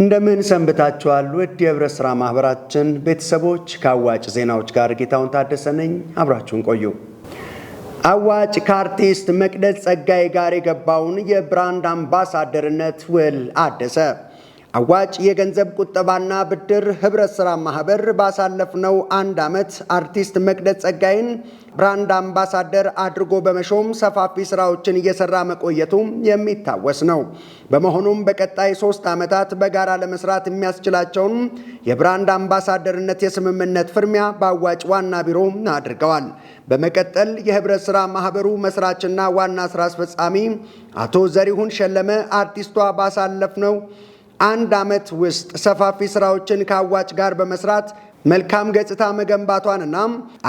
እንደምን ሰንብታችኋል? ውድ የህብረት ሥራ ማኅበራችን ቤተሰቦች ከአዋጭ ዜናዎች ጋር ጌታውን ታደሰ ነኝ። አብራችሁን ቆዩ። አዋጭ ከአርቲስት መቅደስ ጸጋዬ ጋር የገባውን የብራንድ አምባሳደርነት ውል አደሰ። አዋጭ የገንዘብ ቁጠባና ብድር ህብረት ሥራ ማህበር ባሳለፍነው አንድ ዓመት አርቲስት መቅደስ ጸጋይን ብራንድ አምባሳደር አድርጎ በመሾም ሰፋፊ ስራዎችን እየሰራ መቆየቱ የሚታወስ ነው። በመሆኑም በቀጣይ ሶስት ዓመታት በጋራ ለመስራት የሚያስችላቸውን የብራንድ አምባሳደርነት የስምምነት ፍርሚያ በአዋጭ ዋና ቢሮ አድርገዋል። በመቀጠል የህብረት ሥራ ማህበሩ መስራችና ዋና ስራ አስፈጻሚ አቶ ዘሪሁን ሸለመ አርቲስቷ ባሳለፍነው አንድ ዓመት ውስጥ ሰፋፊ ስራዎችን ከአዋጭ ጋር በመስራት መልካም ገጽታ መገንባቷንና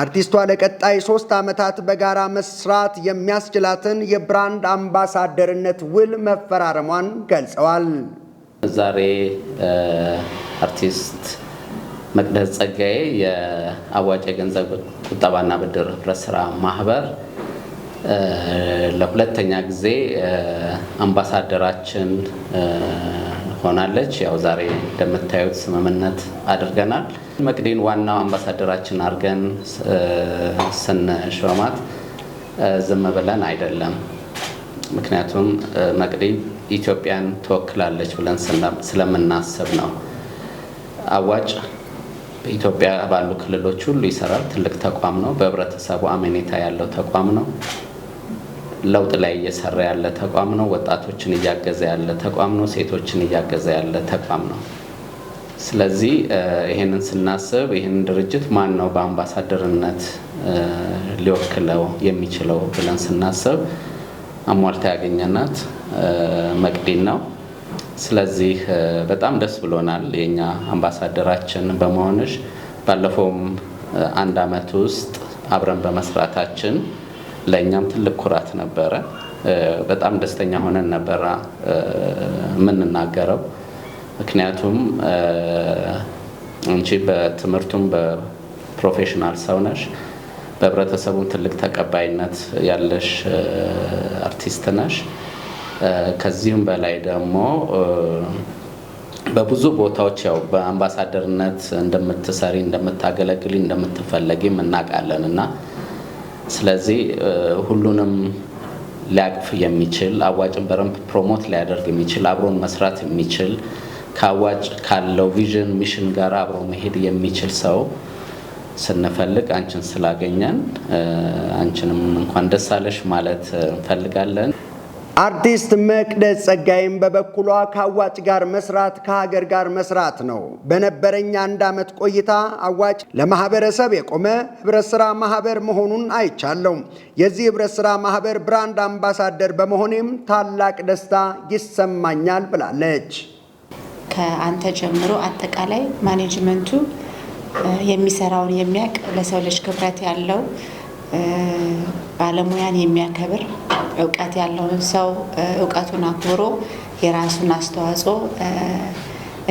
አርቲስቷ ለቀጣይ ሶስት ዓመታት በጋራ መስራት የሚያስችላትን የብራንድ አምባሳደርነት ውል መፈራረሟን ገልጸዋል። ዛሬ አርቲስት መቅደስ ጸጋዬ የአዋጭ የገንዘብ ቁጠባና ብድር ህብረት ስራ ማህበር ለሁለተኛ ጊዜ አምባሳደራችን ሆናለች። ያው ዛሬ እንደምታዩት ስምምነት አድርገናል። መቅዲን ዋናው አምባሳደራችን አድርገን ስንሾማት ዝም ብለን አይደለም። ምክንያቱም መቅዲን ኢትዮጵያን ትወክላለች ብለን ስለምናስብ ነው። አዋጭ በኢትዮጵያ ባሉ ክልሎች ሁሉ ይሰራል። ትልቅ ተቋም ነው። በህብረተሰቡ አመኔታ ያለው ተቋም ነው። ለውጥ ላይ እየሰራ ያለ ተቋም ነው። ወጣቶችን እያገዘ ያለ ተቋም ነው። ሴቶችን እያገዘ ያለ ተቋም ነው። ስለዚህ ይህንን ስናስብ ይህንን ድርጅት ማን ነው በአምባሳደርነት ሊወክለው የሚችለው ብለን ስናስብ አሟልታ ያገኘናት መቅዲን ነው። ስለዚህ በጣም ደስ ብሎናል የእኛ አምባሳደራችን በመሆንሽ ባለፈውም አንድ ዓመት ውስጥ አብረን በመስራታችን ለእኛም ትልቅ ኩራት ነበረ። በጣም ደስተኛ ሆነን ነበረ የምንናገረው። ምክንያቱም አንቺ በትምህርቱም በፕሮፌሽናል ሰው ነሽ፣ በህብረተሰቡም ትልቅ ተቀባይነት ያለሽ አርቲስት ነሽ። ከዚህም በላይ ደግሞ በብዙ ቦታዎች ያው በአምባሳደርነት እንደምትሰሪ እንደምታገለግሊ እንደምትፈለጊ እናውቃለን እና ስለዚህ ሁሉንም ሊያቅፍ የሚችል አዋጭን በረንብ ፕሮሞት ሊያደርግ የሚችል አብሮን መስራት የሚችል ከአዋጭ ካለው ቪዥን ሚሽን ጋር አብሮ መሄድ የሚችል ሰው ስንፈልግ አንችን ስላገኘን አንችንም እንኳን ደስ አለሽ ማለት እንፈልጋለን። አርቲስት መቅደስ ጸጋይም በበኩሏ ከአዋጭ ጋር መስራት ከሀገር ጋር መስራት ነው። በነበረኝ አንድ ዓመት ቆይታ አዋጭ ለማህበረሰብ የቆመ ህብረት ስራ ማህበር መሆኑን አይቻለሁ። የዚህ ህብረት ስራ ማህበር ብራንድ አምባሳደር በመሆኔም ታላቅ ደስታ ይሰማኛል ብላለች። ከአንተ ጀምሮ አጠቃላይ ማኔጅመንቱ የሚሰራውን የሚያውቅ ለሰው ልጅ ክብረት ያለው ባለሙያን የሚያከብር እውቀት ያለውን ሰው እውቀቱን አክብሮ የራሱን አስተዋጽኦ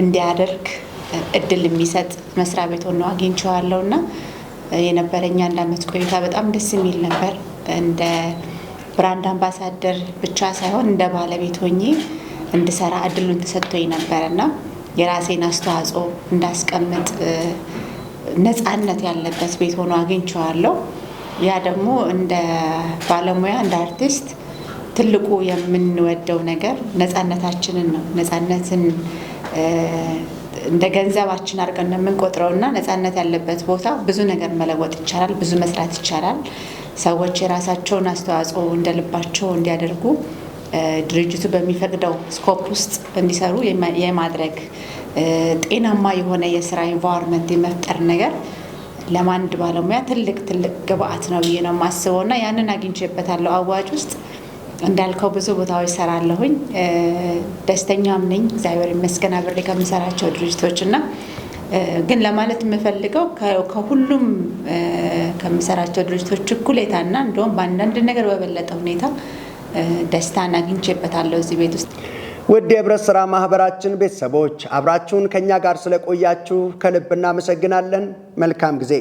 እንዲያደርግ እድል የሚሰጥ መስሪያ ቤት ሆኖ አግኝቼዋለሁ እና የነበረኝ አንድ አመት ቆይታ በጣም ደስ የሚል ነበር። እንደ ብራንድ አምባሳደር ብቻ ሳይሆን እንደ ባለቤት ሆኜ እንድሰራ እድሉን ተሰጥቶኝ ነበር እና የራሴን አስተዋጽኦ እንዳስቀምጥ ነፃነት ያለበት ቤት ሆኖ አግኝቼዋለሁ። ያ ደግሞ እንደ ባለሙያ እንደ አርቲስት ትልቁ የምንወደው ነገር ነፃነታችንን ነው። ነፃነትን እንደ ገንዘባችን አድርገን ነው የምንቆጥረው እና ነፃነት ያለበት ቦታ ብዙ ነገር መለወጥ ይቻላል፣ ብዙ መስራት ይቻላል። ሰዎች የራሳቸውን አስተዋጽኦ እንደ ልባቸው እንዲያደርጉ ድርጅቱ በሚፈቅደው ስኮፕ ውስጥ እንዲሰሩ የማድረግ ጤናማ የሆነ የስራ ኢንቫይሮንመንት የመፍጠር ነገር ለማንድ ባለሙያ ትልቅ ትልቅ ግብአት ነው ብዬ ነው የማስበው እና ያንን አግኝቼበታለሁ አዋጭ ውስጥ እንዳልከው ብዙ ቦታዎች ሰራለሁኝ። ደስተኛም ነኝ እግዚአብሔር ይመስገን አብሬ ከምሰራቸው ድርጅቶች እና ግን ለማለት የምፈልገው ከሁሉም ከምሰራቸው ድርጅቶች እኩሌታና እንደውም በአንዳንድ ነገር በበለጠ ሁኔታ ደስታን አግኝቼበታለሁ እዚህ ቤት ውስጥ። ውድ የህብረት ሥራ ማህበራችን ቤተሰቦች አብራችሁን ከእኛ ጋር ስለቆያችሁ ከልብ እናመሰግናለን። መልካም ጊዜ